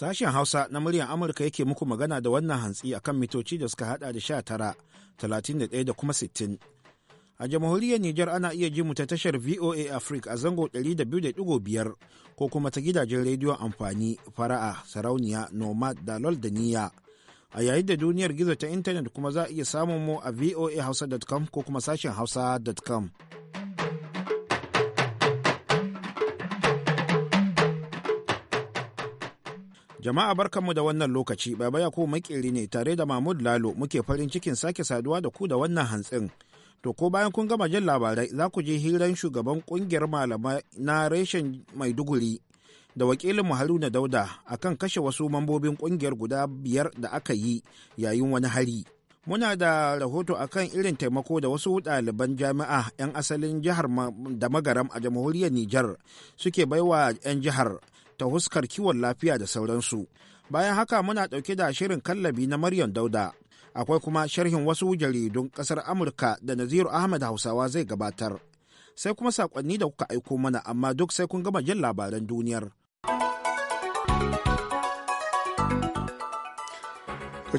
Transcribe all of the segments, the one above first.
Sashen Hausa na muryar Amurka yake muku magana da wannan hantsi a kan mitoci da suka hada da sha tara, talatin da ɗaya da kuma sittin. A jamhuriyar Nijar ana iya ji mu ta tashar VOA Africa a zango Ɗari da da biyar, ko kuma ta gidajen rediyon amfani fara'a sarauniya nomad dalol da niyya. A yayin da duniyar gizo ta intanet kuma za a iya samun mu a voahausa.com ko kuma sashen hausa.com. Jama'a barkanmu da wannan lokaci, Baba ko makeri ne tare da Mahmud Lalo muke farin cikin sake saduwa da ku da wannan hantsin. To ko bayan kun gama jin labarai za ku je hiran shugaban kungiyar malamai na reshen Maiduguri da wakilin Haruna Dauda a kan kashe wasu mambobin kungiyar guda biyar da aka yi yayin wani hari. Muna da rahoto a kan irin taimako da wasu ɗaliban jami'a 'yan asalin jihar da magaram a jamhuriyar Nijar suke baiwa 'yan jihar ta huskar kiwon lafiya da sauransu. Bayan haka muna ɗauke da shirin kallabi na Maryam Dauda. Akwai kuma sharhin wasu jaridun ƙasar Amurka da Naziru ahmed Hausawa zai gabatar. Sai kuma saƙonni da kuka aiko mana amma duk sai kun gama jin labaran duniyar.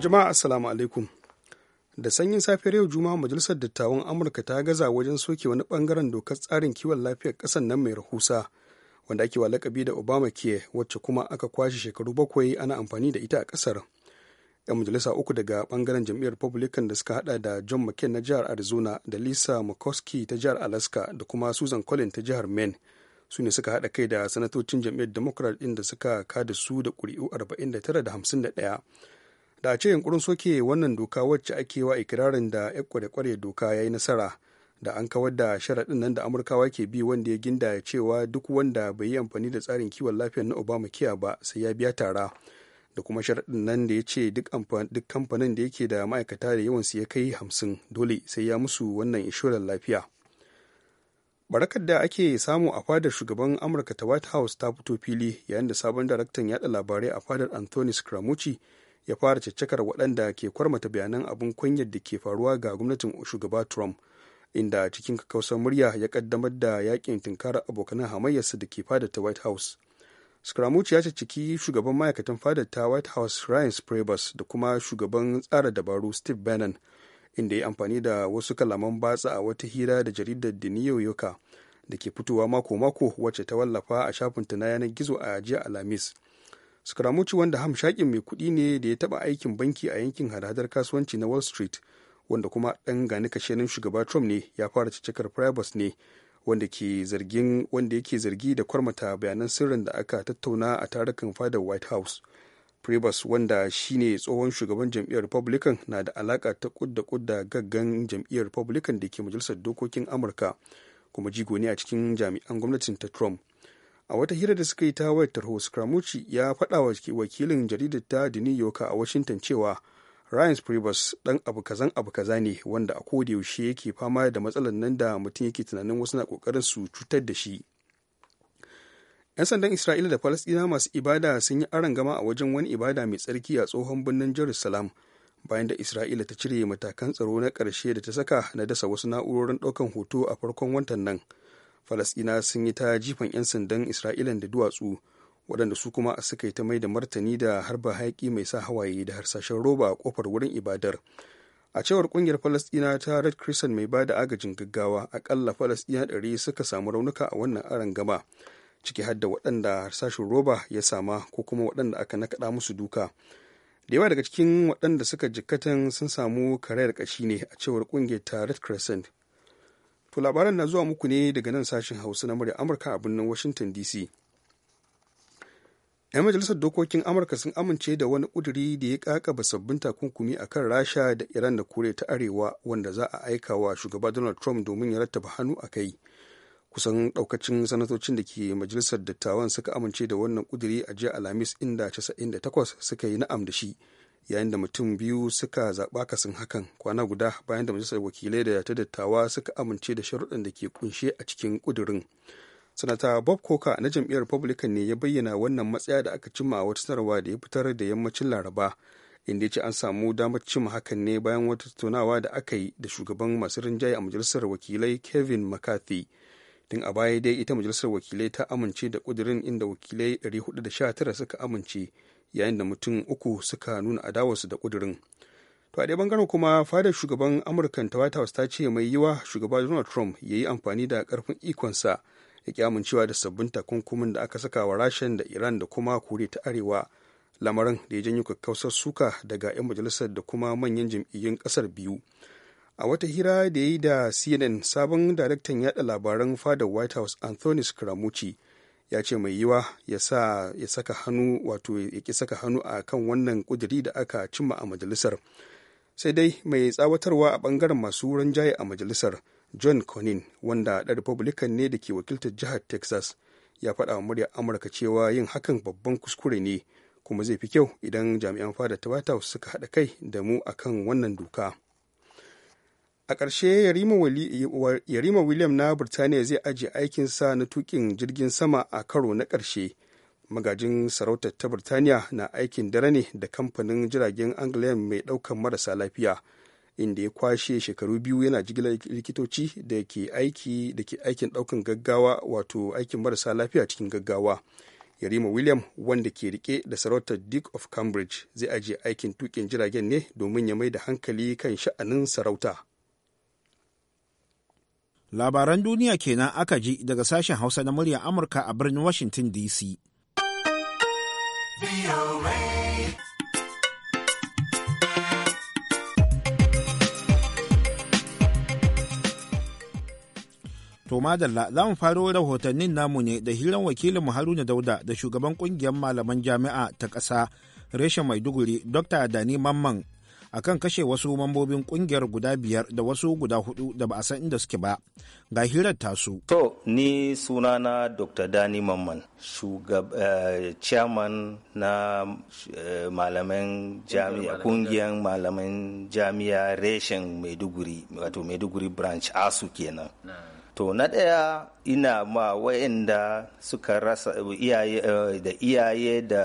jama'a assalamu Da sanyin safiyar yau Juma'a Majalisar Dattawan Amurka ta gaza wajen soke wani bangaren dokar tsarin kiwon lafiyar ƙasar nan mai rahusa wanda ake wa lakabi da obama care wacce kuma aka kwashe shekaru bakwai ana amfani da ita a kasar yan majalisa uku daga bangaren jam'iyyar republican da suka hada da john mccain na jihar arizona da lisa mccoskey ta jihar alaska da kuma susan collins ta jihar maine su ne suka hada kai da sanatocin jam'iyyar democrat din da suka kada su da kuri'u 49 da 51 da a ce yankurin soke wannan doka wacce ake wa ikirarin da ya kware-kware doka ya yi nasara da an kawar da sharaɗin nan da amurkawa ke bi wanda ya ginda cewa duk wanda bai yi amfani da tsarin kiwon lafiya na obama kiya ba sai ya biya tara da kuma sharaɗin nan da ya ce duk kamfanin da yake da ma'aikata da yawan su ya kai hamsin dole sai ya musu wannan inshorar lafiya barakar da ake samu a fadar shugaban amurka ta white house ta fito fili yayin da sabon daraktan yada labarai a fadar anthony scaramucci ya fara caccakar waɗanda ke kwarmata bayanan abin kunyar da ke faruwa ga gwamnatin shugaba trump inda cikin kakausar murya ya kaddamar da yakin tunkarar abokanan hamayyarsa da ke fadata ta white house scaramucci ya ciki shugaban ma'aikatan fadar ta white house ryan sprabus da kuma shugaban tsara dabaru steve bannon inda ya amfani da wasu kalaman batsa a wata hira da jaridar the new yorker da ke fitowa mako-mako wacce ta wallafa a shafin ta na yanar gizo a jiya alhamis scaramucci wanda ham shakin mai kuɗi ne da ya taɓa aikin banki a yankin hadadar kasuwanci na wall street wanda kuma ɗan gani kashenin shugaba trump ne ya fara cikakar privacy ne wanda ke zargin wanda yake zargi da kwarmata bayanan sirrin da aka tattauna a tarukan fadar white house privas wanda shine tsohon shugaban jam'iyyar Republican na da alaka ta kudda kudda gaggan jam'iyyar Republican da ke majalisar dokokin Amurka kuma jigo ne a cikin jami'an gwamnatin ta Trump. A wata hira da suka yi ta wayar tarho Scaramucci ya faɗa wa wakilin jaridar ta The New a Washington cewa ryan priebus dan abu kazan abu kaza ne wanda a koda yaushe yake fama da matsalar nan da mutum yake tunanin wasu na kokarin su cutar da shi 'yan sandan isra'ila da falasɗina masu ibada sun yi aron gama a wajen wani ibada mai tsarki a tsohon birnin jerusalem bayan da isra'ila ta cire matakan tsaro na ƙarshe da ta saka na dasa wasu na'urorin ɗaukan hoto a farkon watan nan falasɗina sun yi ta jifan 'yan sandan isra'ilan da duwatsu waɗanda su kuma suka yi ta mai da martani da harba hayaƙi mai sa hawaye da harsashen roba a kofar wurin ibadar a cewar ƙungiyar falasɗina ta red crescent mai ba da agajin gaggawa aƙalla falasɗina ɗari suka samu raunuka a wannan aron gaba ciki hadda waɗanda harsashin roba ya sama ko kuma waɗanda aka nakaɗa musu duka da yawa daga cikin waɗanda suka jikkatan sun samu karayar ƙashi ne a cewar ƙungiyar ta red crescent to labaran na zuwa muku ne daga nan sashen hausa na murya amurka a birnin washington dc 'yan majalisar dokokin amurka sun amince da wani kuduri da ya kakaba sabbin takunkumi a kan rasha da iran da koriya ta arewa wanda za a aika wa shugaba donald trump domin ya rattaba hannu a kai kusan daukacin sanatocin da ke majalisar dattawan suka amince da wannan kuduri a jiya alhamis inda 98 suka yi na'am da shi yayin da mutum biyu suka zaɓa kasin hakan kwana guda bayan da majalisar wakilai da ta dattawa suka amince da sharuɗan da ke kunshe a cikin kudurin. sanata bob coker na jam'iyyar republican ne ya bayyana wannan matsaya da aka cimma a wata sanarwa da ya fitar da yammacin laraba inda ya ce an samu damar cimma hakan ne bayan wata tattaunawa da aka yi da shugaban masu rinjaye a majalisar wakilai kevin mccarthy tun a baya dai ita majalisar wakilai ta amince da kudirin inda wakilai 419 suka amince yayin da mutum uku suka nuna adawarsu da kudirin to a ɗaya bangaren kuma fadar shugaban amurkan ta white house ta ce mai yiwa shugaba donald trump ya yi amfani da karfin ikonsa ya ki amincewa da sabbin takunkumin da aka saka wa rashin da iran da kuma kore ta arewa lamarin da ya janyo kakkausar suka daga 'yan majalisar da kuma manyan jam'iyyun kasar biyu a wata hira da ya yi da cnn sabon daraktan yada labaran fadar white house anthony scaramucci ya ce mai yiwa ya saka hannu wato ya ki saka hannu a kan wannan kuduri da aka cimma a majalisar sai dai mai tsawatarwa a bangaren masu ranjaye a majalisar john conin wanda ɗan republican ne da ke wakiltar jihar texas ya faɗa wa muryar amurka cewa yin hakan babban kuskure ne kuma zai fi kyau idan jami'an fada ta white house suka haɗa kai da mu akan wannan doka a ƙarshe yarima william na birtaniya zai ajiye aikinsa na tukin jirgin sama a karo na ƙarshe magajin sarautar ta birtaniya na aikin dare ne da kamfanin jiragen angliyan mai ɗaukar marasa lafiya inda ya kwashe shekaru biyu yana jigilar likitoci da ke aiki da ke aikin ɗaukan gaggawa wato aikin marasa lafiya cikin gaggawa yarima william wanda ke rike da sarautar duke of cambridge zai ajiye aikin tukin jiragen ne domin ya mai da hankali kan sha'anin sarauta labaran duniya kenan aka ji daga sashen hausa na murya amurka a birnin washington dc To madalla za mu faro rahotannin namu ne da hiran wakilin Haruna Dauda da shugaban kungiyar malaman jami'a ta ƙasa reshen Maiduguri Dr. Adani Mamman akan kashe wasu mambobin kungiyar guda biyar da wasu guda hudu da ba a san inda suke ba ga hirar tasu. To ni sunana Dr. Dani Mamman eh, chairman na eh, jami'a kungiyar malaman jami'a reshen Maiduguri wato Maiduguri branch ASU kenan. to na ɗaya ina ma wa'inda suka rasa eh, iyaye eh, da iyaye da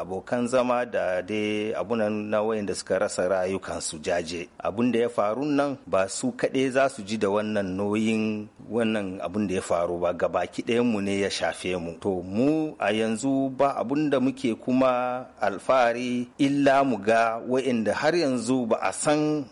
abokan zama da dai abunan na wa'inda suka rasa rayukansu jaje abun da ya faru nan ba su kaɗai za su ji da wannan noyin wannan abun da ya faru ba gabaki mu ne ya shafe mu to mu a yanzu ba abun da muke kuma alfahari illa mu ga wa'inda har yanzu ba a san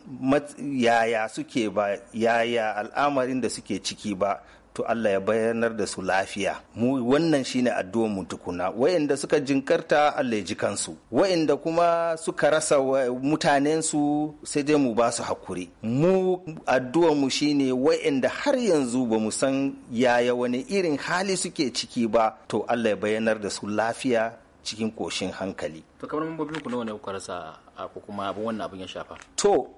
yaya suke ba yaya al'amarin da suke ciki ba to Allah ya bayanar da su lafiya mu wannan shine addu'ar mu tukuna wayanda suka jinkarta Allah ya ji kansu wayanda kuma suka rasa mutanen su sai dai mu ba su hakuri mu addu'ar mu shine wayanda har yanzu ba mu san yaya wani irin hali suke ciki ba to Allah ya bayanar da su lafiya cikin koshin hankali to kamar babu ku nawa ne kuka rasa ko kuma abin wannan abin ya shafa to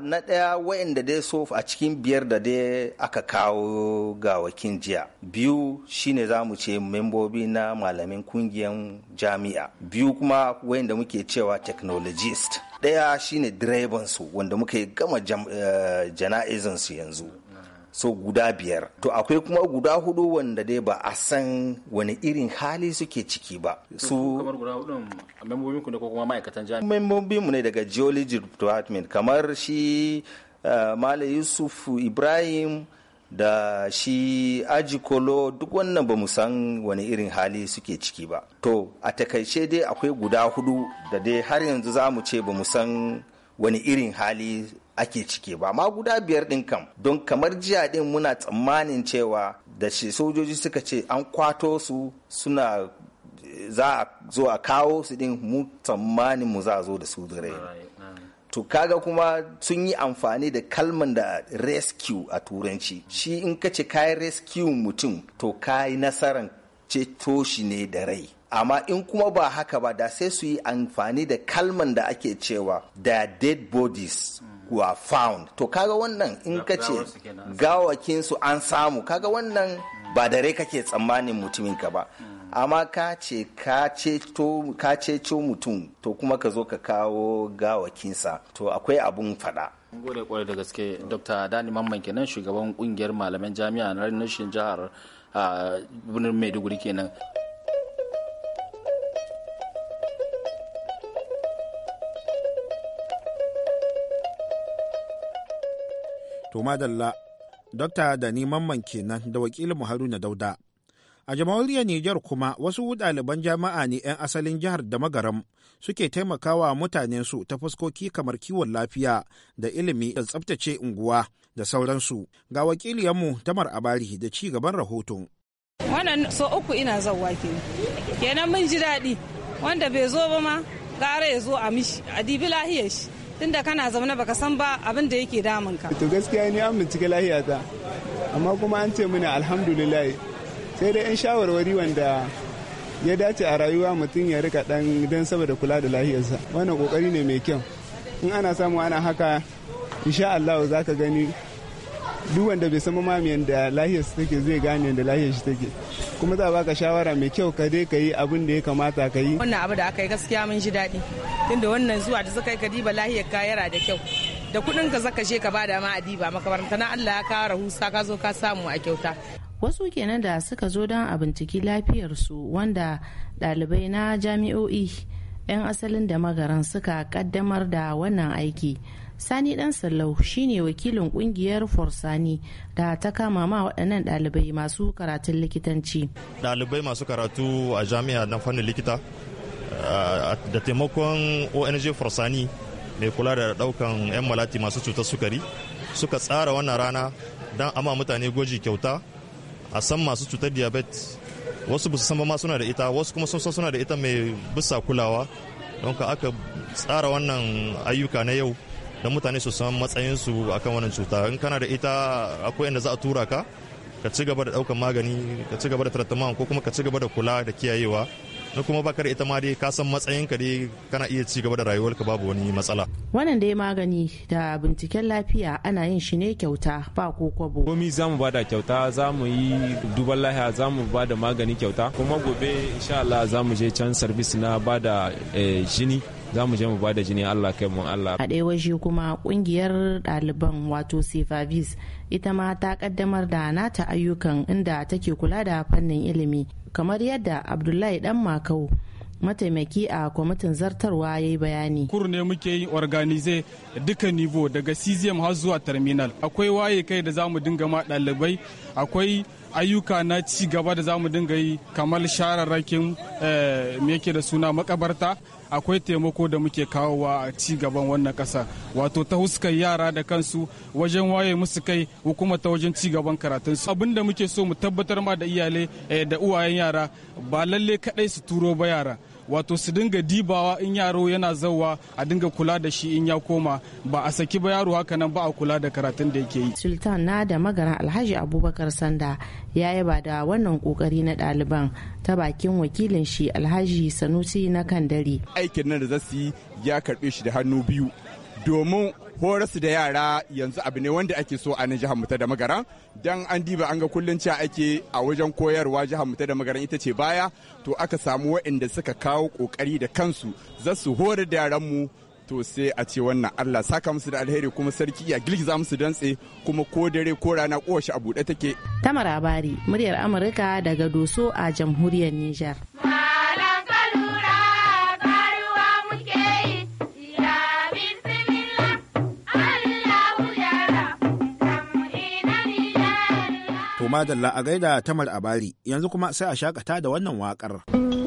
na ɗaya wa'inda dai so a cikin biyar da dai aka kawo ga wakin jiya biyu shine za mu ce membobi na malamin kungiyar jami'a biyu kuma wa'inda muke cewa technologist ɗaya shine direban su wanda muka gama eh, jana'izansu yanzu so guda biyar to akwai kuma guda hudu wanda dai ba a san wani irin hali suke ciki ba su kamar guda membobin membobinku ne ko kuma ma'aikatan jami'a membobinmu ne daga geology department kamar shi eh, Malam Yusuf Ibrahim da shi ajikolo duk wannan ba mu san wani irin hali suke ciki ba to a takaice dai akwai guda hudu da dai har yanzu za mu ce ba mu san wani irin hali ake cike ba ma guda biyar ɗin kam don kamar jiya ɗin muna tsammanin cewa da shi sojoji suka ce an kwato su suna za a zo a kawo su din mu tsammanin mu za a zo da su da to kaga kuma sun yi amfani da kalman da rescue a turanci shi in ka ce kayi rescue mutum to kayi nasaran ceto shi ne da rai amma in kuma ba haka ba da sai su yi amfani da kalman da ake cewa da dead bodies were found to kaga wannan in ka ce gawakin an samu kaga wannan ba da rai kake tsammanin mutumin ka ba amma ka ce ka ceto mutum to kuma ka zo ka kawo gawakinsa to akwai abun fada gode kwarai da gaske dr dani mamman kenan shugaban kungiyar malaman jami'a na rashin jihar birnin maiduguri kenan To madalla, Dokta Dani Mamman kenan da wakilin mu Haruna Dauda. A jamhuriyar niger kuma wasu ɗaliban jama'a ne 'yan asalin jihar da magaram suke taimakawa su ta fuskoki kamar kiwon lafiya da ilimi da tsabtace unguwa da sauransu. Ga wakiliyanmu Tamar Abari da ci gaban rahoton. Wannan so uku ina zauwa kenan. Kenan mun ji daɗi wanda bai zo ba ma gara ya zo a mishi a dibi lahiyar shi. tunda kana zaune baka san ba abin da yake damun ka to gaskiya ni an bincike lahiyata amma kuma an ce mini alhamdulillah sai dai yan shawarwari wanda ya dace a rayuwa mutum ya rika dan dan saboda kula da lahiyarsa wannan kokari ne mai kyau in ana samu ana haka insha Allah za ka gani duk wanda bai san mamamiyan da lahiyarsa take zai gane da lahiyar shi take kuma za a baka shawara mai kyau ka dai ka yi abin da ya kamata ka yi wannan abu da aka yi gaskiya mun ji daɗi tunda wannan zuwa da suka yi ka diba lahiyar ka yara da kyau da kuɗin ka zaka je ka ba da ma a diba makabaranta na Allah ya kawo rahusa ka zo ka samu a kyauta wasu kenan da suka zo don a binciki lafiyarsu wanda ɗalibai na jami'o'i 'yan asalin da magaran suka ƙaddamar da wannan aiki sani dan sallau shine wakilin kungiyar forsani da ta kama ma waɗannan ɗalibai masu karatun likitanci ɗalibai masu karatu a jami'a na fannin likita da taimakon ong forsani mai kula da ɗaukan 'yan malati masu cutar sukari suka tsara wannan rana don ama mutane gwaji kyauta a san masu cutar diabetes wasu ba su san ma suna da ita wasu kuma sun suna da ita mai bisa kulawa don ka aka tsara wannan ayyuka na yau dan mutane su san matsayinsu akan wannan cuta in kana da ita akwai inda za a tura ka ka ci gaba da ɗaukar magani ka ci gaba da tarattaman ko kuma ka ci gaba da kula da kiyayewa na kuma bakar ita ma dai ka san matsayin ka dai kana iya ci gaba da rayuwarka babu wani matsala wannan dai magani da binciken lafiya ana yin shi ne kyauta ba ko kwabo komi zamu bada kyauta zamu yi duban lahiya zamu bada magani kyauta kuma gobe insha Allah zamu je can service na bada eh, jini za mu je mu bada jini Allah kai mun Allah. A ɗaya waje kuma kungiyar ɗaliban wato Sefavis ita ma ta kaddamar da nata ayyukan inda take kula da fannin ilimi kamar yadda abdullahi dan makau mataimaki a kwamitin zartarwa ya yi bayani. Kur ne muke yin organize duka nivo daga CZM har zuwa terminal. Akwai waye kai da zamu dinga ma dalibai akwai ayyuka na ci gaba da zamu dinga yi kamar shararrakin eh, me yake da suna makabarta akwai taimako da muke kawowa a ci gaban wannan kasa wato ta huskar yara da kansu wajen waye musu kai ko ta wajen ci gaban karatunsu abin da muke so mu tabbatar ma da iyalai eh, da uwayen yara ba lalle kaɗai su turo ba yara wato su dinga dibawa in yaro yana zauwa a dinga kula da shi in ya koma ba a saki ba yaro haka nan ba a kula da karatun da yake yi sultan na da magana alhaji abubakar sanda ya yaba da wannan kokari na ɗaliban ta bakin wakilin shi alhaji sanusi na kandari aikin nan da zasu yi ya karɓe shi da hannu biyu domin horasu da yara yanzu abu ne wanda ake so a na jihar mu ta da magara dan an diba an ga kullun ci ake a wajen koyarwa jihar mu ta da magara ita ce baya to aka samu waɗanda suka kawo kokari da kansu za su horar da yaran mu to sai a ce wannan Allah saka musu da alheri kuma sarki ya girgiza musu dantse kuma ko dare ko rana kowace a buɗe take. Tamara Bari, muryar Amurka daga Doso a jamhuriyar Nijar. madalla a gaida tamar abari yanzu kuma sai a shakata da wannan waƙar.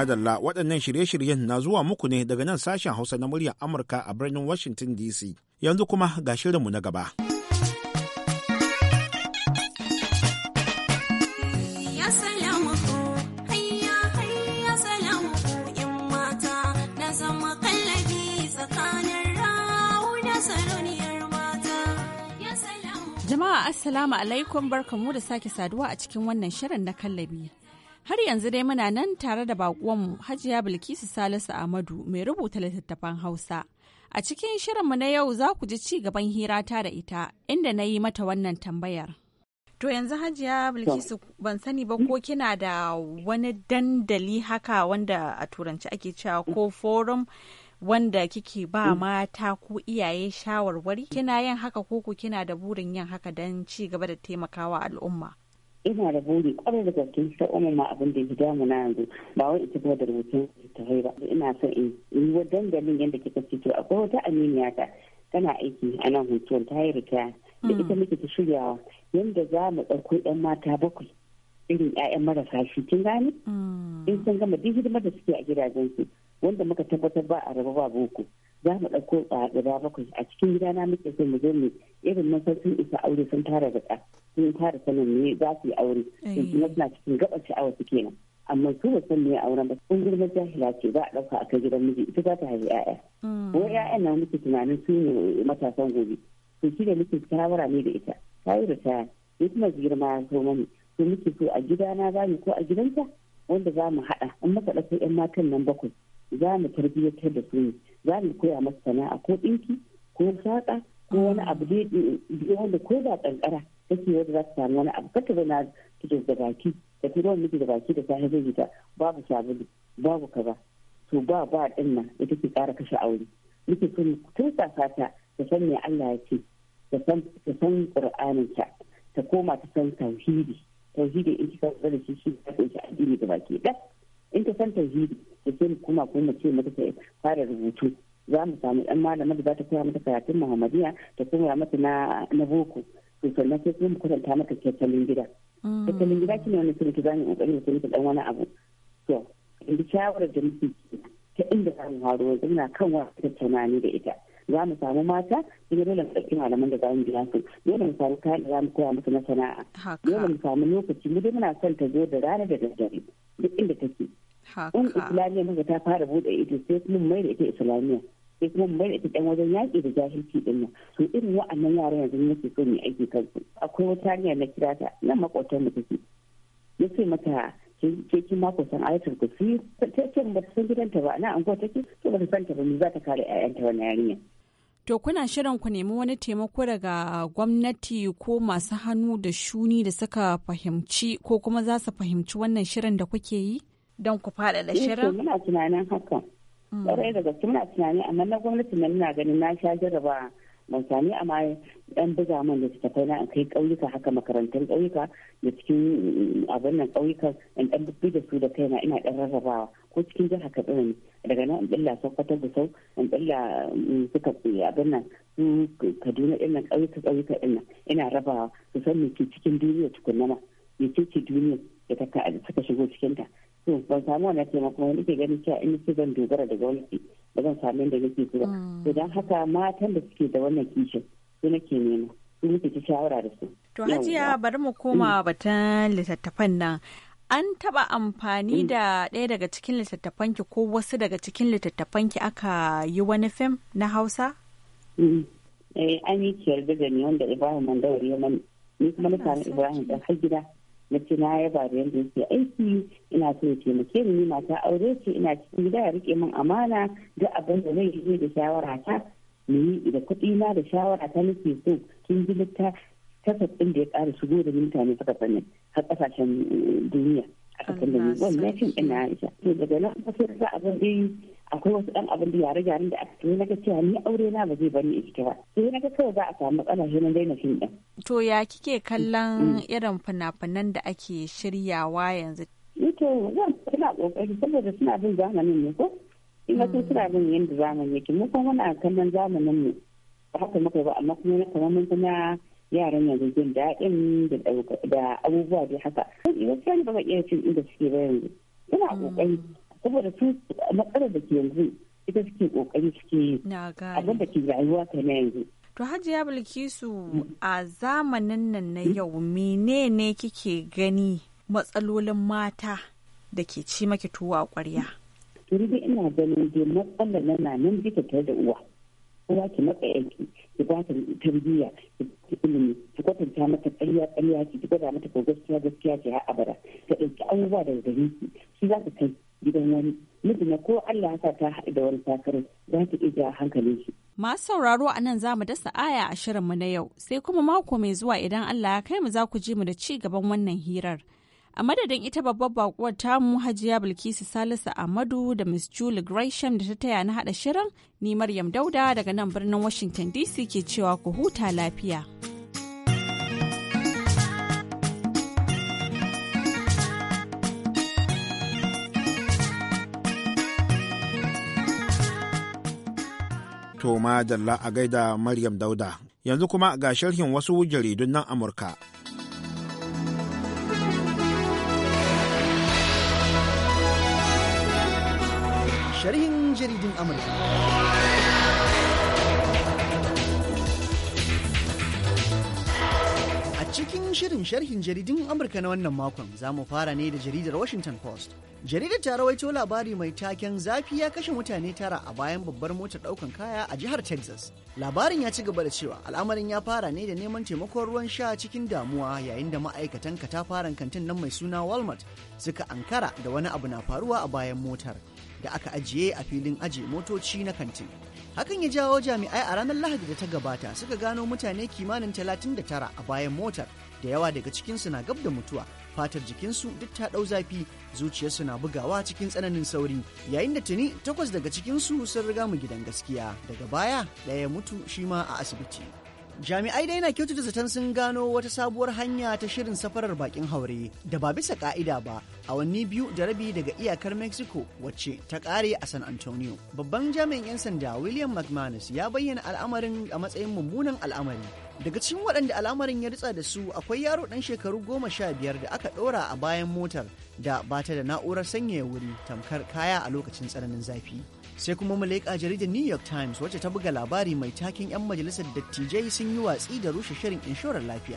madalla waɗannan shirye-shiryen na zuwa muku ne daga nan sashen hausa na muryar amurka a birnin washington dc yanzu kuma ga shirinmu na gaba Jama'a Assalamu alaikum barkamu da sake saduwa a cikin wannan shirin na kallabi. Har yanzu dai muna nan tare da baƙonmu Hajiya Bilkisu Salisu Amadu mai rubuta littattafan Hausa. A cikin shirinmu na yau za ku ji ci gaban hira ta da ita inda na yi mata wannan tambayar. To yanzu Hajiya Bilkisu ban sani ba ko kina da wani dandali haka wanda a turanci ake cewa ko forum wanda kike ba mata ko iyaye shawarwari kina yin haka ko kina da burin yin haka don ci gaba da taimakawa al'umma. ina da buri kwarai da gaske ta umma abin da ya mu na yanzu ba wai ita ba da rubutun littattafai ba ina so in yi wa dandalin yadda kika ce to akwai wata aminiya ta tana aiki a nan hoton ta yi ritaya da mm. ita muke ta shiryawa yadda za mu ɗauko ɗan mata bakwai irin ƴaƴan marasa shi kin gane mm. in sun gama duk hidimar da suke a gidajen gidajensu wanda muka tabbatar ba a raba ba boko za mu ɗauko guda bakwai a cikin gida na muke so mu zo mu irin na isa aure sun tara da sun tara sanin ne za su yi aure eh. sun kuma suna cikin gabar sha'awa su kenan amma su ba san me auren ba sun girma jahila ce ba a ɗauka a kai gidan miji ita za ta haifi 'ya'ya ko mm. ƴaƴan na muke tunanin su ne matasan gobe to shi da muke shawara ne da ita ta yi ritaya ya kuma girma ya so mani to muke so a gidana za mu ko a gidanta wanda za mu haɗa in muka ɗauko ƴan matan nan bakwai za mu tarbiyyantar da su ne za mu koya masa sana'a ko ɗinki ko saƙa ko wani abu dai eh, wanda ko ba kankara take wanda za ta samu wani abu kata zana take da baki da turuwan miki da baki da safe zai ta babu sabulu babu kaza to ba ba ɗin nan ita ke ƙara kashe aure muke so mu tursa fata ta san me Allah ya ce ta san ta ta ta koma ta san tauhidi tauhidi in kika da shi shi ta kunshi addini da baki ɗaya in ta san tajiri da kuma ko mu ce mata ta fara rubutu za mu samu ɗan malamar da za ta koya mata karatun muhammadiya ta koya mata na boko to sannan sai kuma mu kwatanta mata kyakkyalin gida kyakkyalin mm. gida ne wani sun ki zamu ta mu dan wani abu to in bi shawarar da muke ta inda za mu haro yanzu na kan wata tattauna da ita za mu samu mata kuma dole mu ɗauki malaman da za mu biya su dole mu samu kayan da za mu koya musu masana'a sana'a dole mu samu lokaci mu dai muna son ta zo da rana da daddare duk inda take in islamiyya muka ta fara buɗe ido sai kuma mai da ita islamiyya sai kuma mai da ita ɗan wajen yaƙi da jahilci ɗin nan to irin wa'annan yaran yanzu ke so mu aiki kansu akwai wata hanya na kira ta nan makwabtar mu take ya ce mata ke kin ko san ayatul kursi ta ce ba ta san gidanta ba na an ko take to ba ta san ta ba mu za ta kare ayanta wannan yarinya To kuna shirin ku nemi wani taimako daga gwamnati ko masu hannu da shuni da suka fahimci ko kuma za su fahimci wannan shirin da kuke yi don ku faɗaɗa eh shirin? Muna tunanin haka. Ƙwarai mm. da gaske muna tunani amma na gwamnati na muna ganin na sha jarraba ban sami amma dan buga man littattafai na kai ƙauyuka haka makarantun ƙauyuka da cikin mm, abin nan ƙauyukan in dan bi da su da kaina ina dan rarrabawa ko cikin ka katsina ne daga nan in billa sokoto da sau in billa mm, suka abin nan su kaduna ɗin nan ƙauyuka ƙauyuka ɗin nan ina rabawa su san me ke cikin duniya tukunna ma me ke ce duniya da ta suka shigo cikin ta to ban samu wannan taimako wani ke ganin cewa in ce zan dogara da gwamnati ba zan samu inda nake so ba mm. to don haka matan da suke da wannan kishin su nake nema su nake ta shawara da su. To hajiya bari mu koma mm. batun littattafan nan. An taɓa amfani mm. da ɗaya daga cikin littattafanki ko wasu daga cikin littattafanki aka yi wani fim na Hausa? Mm. Eh, an yi ciyar da ni wanda Ibrahim Mandawari ya mani. Ni kuma na samu Ibrahim ɗan har gida. na ce na yaba da yadda yake aiki ina so ya taimake ni mata aure ce ina cikin gida ya rike min amana duk abin da zai yi da shawara ta ni da kuɗi na da shawara ta nake so kin ji ta ɗin da ya ƙara shigo da mutane suka sani har ƙasashen eh, duniya aka san da ni wannan shin ina aisha to daga nan ba sai za a ga dai akwai wasu ɗan abin da yare yaren da aka tuni ga cewa ni aure na ba zai bar ni ita ba sai ga kawai za a samu matsala shi nan na cin ɗin. to ya kike kallon mm, mm. irin fina-finan da ake shiryawa yanzu. ni to zan suna ƙoƙari saboda suna bin zamanin ne ko. ina sun suna bin yadda zamani yake mu kuma muna kallon zamanin mu ba haka muka ba amma kuma kamar mun kuma yaran yanzu jin daɗin da abubuwa dai haka gaskiya ne ba ka iya cin inda suke ba yanzu ina kokari mm. saboda su matsalar da ke yanzu ita suke kokari suke yi abin da ke rayuwa ta na yanzu To Hajiya Bilkisu mm. a zamanin nan na mm. yau menene kike gani matsalolin mata da ke ci maki tuwo a ƙwarya? tun dai ina ganin dai matsalar nana nan bisa tare da uwa uwa ki yanki ki ba ta tarbiyya ki ilimi ki kwatanta mata tsariya tsariya ki gwada mata ko gaskiya gaskiya ki har abada ta ɗauki abubuwa daga gari ki shi za ka kai gidan wani mijina ko Allah ya ta haɗu da wani takarar za ki iya hankalin shi. Masu sauraro a nan za mu dasa aya a shirinmu na yau sai kuma mako mai zuwa idan Allah ya kai mu za ku ji mu da ci gaban wannan hirar. a madadin ita babbar bakuwar tamu hajiya bilkisu salisu amadu da miss julie gresham da ta taya na hada shirin ni maryam dauda daga nan birnin washington dc ke cewa ku huta lafiya To ma a gaida Maryam Dauda. Yanzu kuma ga sharhin wasu jaridun nan Amurka. sharhin jaridun Amurka. Cikin shirin sharhin jaridun Amurka na wannan makon za mu fara ne da jaridar Washington Post. Jaridar ta rawaito labari mai taken zafi ya kashe mutane tara a bayan babbar motar daukan kaya a jihar Texas. Labarin ya ci gaba da cewa al'amarin ya fara ne da neman taimakon ruwan sha cikin damuwa yayin da ma'aikatan katafaren kantin nan mai suna Walmart suka ankara da wani abu na faruwa a bayan motar da aka ajiye a filin ajiye motoci na kantin. hakan ya jawo jami'ai a ranar lahadi da ta gabata suka gano mutane kimanin 39 a bayan motar da yawa daga cikinsu na gab da mutuwa fatar jikinsu duk ta ɗau zafi zuciyarsu na bugawa cikin tsananin sauri yayin da tuni takwas daga cikinsu sun riga mu gidan gaskiya daga baya ɗaya mutu shi ma a asibiti Jami'ai dai na kyautata zaton sun gano wata sabuwar hanya ta shirin safarar bakin haure da ba bisa ka'ida ba awanni biyu da rabi daga iyakar Mexico wacce ta kare a San Antonio. Babban jami'in 'yan sanda William McManus ya bayyana al'amarin a matsayin mummunan al'amari. Daga cikin waɗanda al'amarin ya ritsa da su akwai yaro ɗan shekaru goma sha biyar da aka ɗora a bayan motar da ba ta da na'urar sanyaya wuri tamkar kaya a lokacin tsananin zafi. sai kuma mu leƙa jaridar new york times wacce ta buga labari mai takin 'yan majalisar dattijai sun yi watsi da rushe shirin inshorar lafiya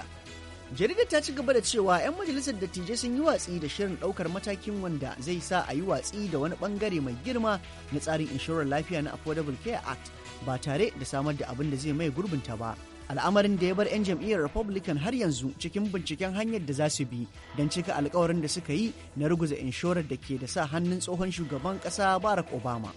jaridar ta ci gaba da cewa 'yan majalisar dattijai sun yi watsi da shirin ɗaukar matakin wanda zai sa a yi watsi da wani bangare mai girma na tsarin inshorar lafiya na affordable care act ba tare da samar da abin da zai mai gurbinta ba al'amarin da ya bar 'yan jam'iyyar republican har yanzu cikin binciken hanyar da za su bi don cika alkawarin da suka yi na ruguza inshorar da ke da sa hannun tsohon shugaban ƙasa barack obama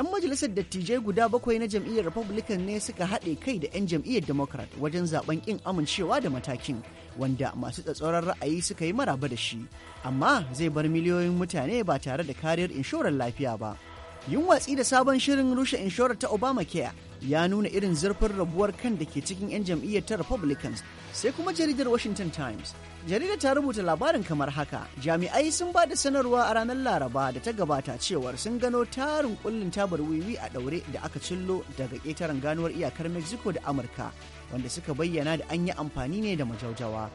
'Yan majalisar dattijai guda bakwai na jam'iyyar Republican ne suka haɗe kai da 'yan jam'iyyar Democrat wajen zaben ƙin amincewa da matakin wanda masu tsatsauran ra'ayi suka yi maraba da shi, amma zai bar miliyoyin mutane ba tare da kariyar inshorar lafiya ba. Yin watsi da sabon shirin rushe inshorar ta Obamacare ya nuna irin zurfin rabuwar kan da ke cikin 'yan jam'iyyar ta Republicans sai kuma jaridar Washington Times. Jaridar ta rubuta labarin kamar haka, jami'ai sun ba da sanarwa a ranar Laraba da ta gabata cewar sun gano tarin kullin tabar wiwi a daure da aka cillo daga ƙetaren ganuwar iyakar Mexico da Amurka, wanda suka bayyana da an yi amfani ne da majaujawa.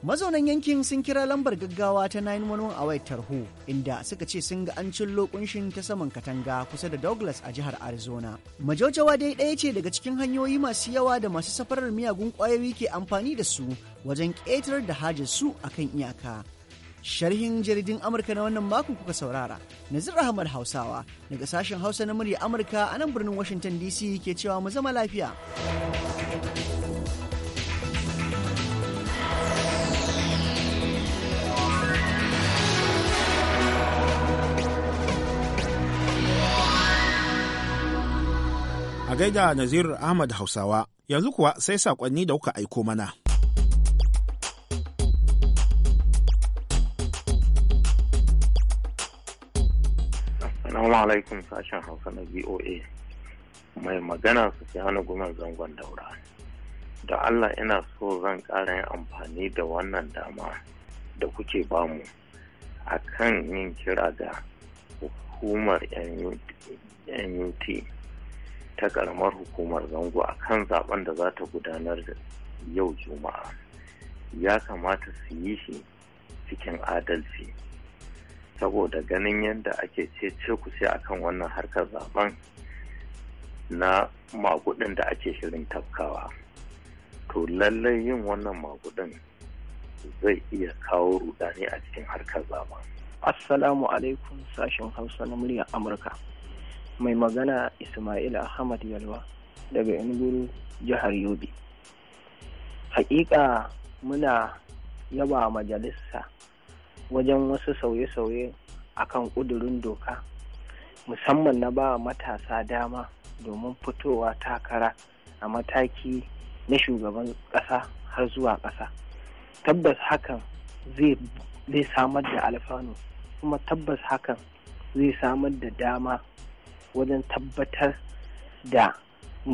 mazaunan yankin sun kira lambar gaggawa ta 911 a wayar tarho inda suka ce sun ga an cillo kunshin ta saman katanga kusa da douglas a jihar arizona majaujawa dai ɗaya ce daga cikin hanyoyi masu yawa da masu safarar miyagun ƙwayoyi ke amfani da su wajen ƙetar da hajar su kan iyaka sharhin jaridin amurka na wannan makon kuka saurara nazir ahmad hausawa daga sashen hausa na murya amurka a nan birnin washington dc ke cewa mu zama lafiya A gaida Nazir Ahmad Hausawa, yanzu kuwa sai saƙonni da kuka aiko mana. Assalamu alaikum sashen Hausa na VOA. Mai magana su ke hana gumar zangon daura. Da Allah ina so zan ƙara yin amfani da wannan dama da kuke bamu a kan yin kira ga hukumar NUT ta karamar hukumar zango a kan zaben da za ta gudanar da yau juma'a ya kamata su yi shi cikin adalci saboda ganin yadda ake ce kuce a kan wannan harkar zaben na magudin da ake shirin tafkawa to lallai yin wannan magudin zai iya kawo rudani a cikin harkar zaben assalamu alaikum sashen hausa na muryar amurka mai magana ismail ahmad yalwa daga inguru jihar yobe hakika muna yaba majalisa wajen wasu sauye-sauye a kan ƙudurin doka musamman na ba matasa dama domin fitowa takara a mataki na shugaban ƙasa har zuwa ƙasa tabbas hakan zai samar da alfanu kuma tabbas hakan zai samar da dama wajen tabbatar da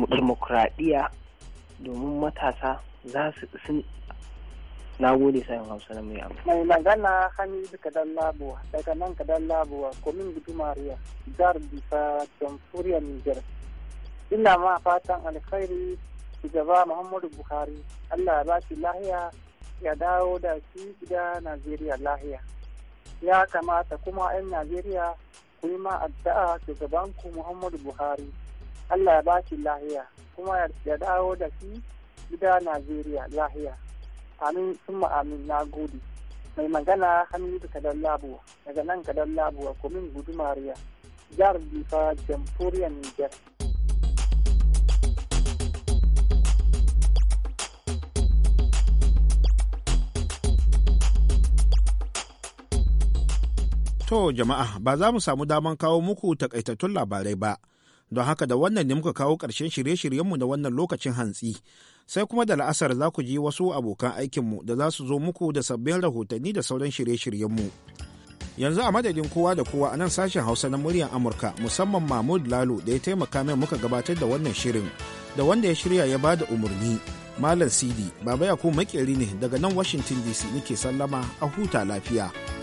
demokradiyya domin matasa za su sun na gode sayan hausa na mai amfani. mai magana hamidu kadan labuwa daga nan kadan labuwa komin gudu mariya jihar bisa jamhuriyar niger ina ma fatan alkhairi shugaba muhammadu buhari allah ba shi lahiya ya dawo da shi gida najeriya lahiya ya kamata kuma 'yan najeriya ku yi ma addu'a shugabanku Muhammadu Buhari. Allah ya baki lahiya kuma ya dawo da shi gida Najeriya lahiya. Amin summa amin na gode. Mai magana Hamidu Kadan Labuwa daga nan Kadan Labuwa kumin Gudumariya jihar Bifa jamhuriyar Nijar. To jama'a ba za mu samu daman kawo muku takaitattun labarai ba, don haka da wannan ne muka kawo ƙarshen shirye-shiryenmu na wannan lokacin hantsi. Sai kuma da la'asar za ku ji wasu abokan aikinmu da za su zo muku da sabbin rahotanni da sauran shirye-shiryenmu. Yanzu a madadin kowa da kowa a nan sashen Hausa na muryar Amurka musamman Mahmud Lalo da ya taimaka min muka gabatar da wannan shirin da wanda ya shirya ya ba da umarni. Malam Sidi, Baba Yakubu Makeri ne daga nan Washington DC nake sallama a huta lafiya.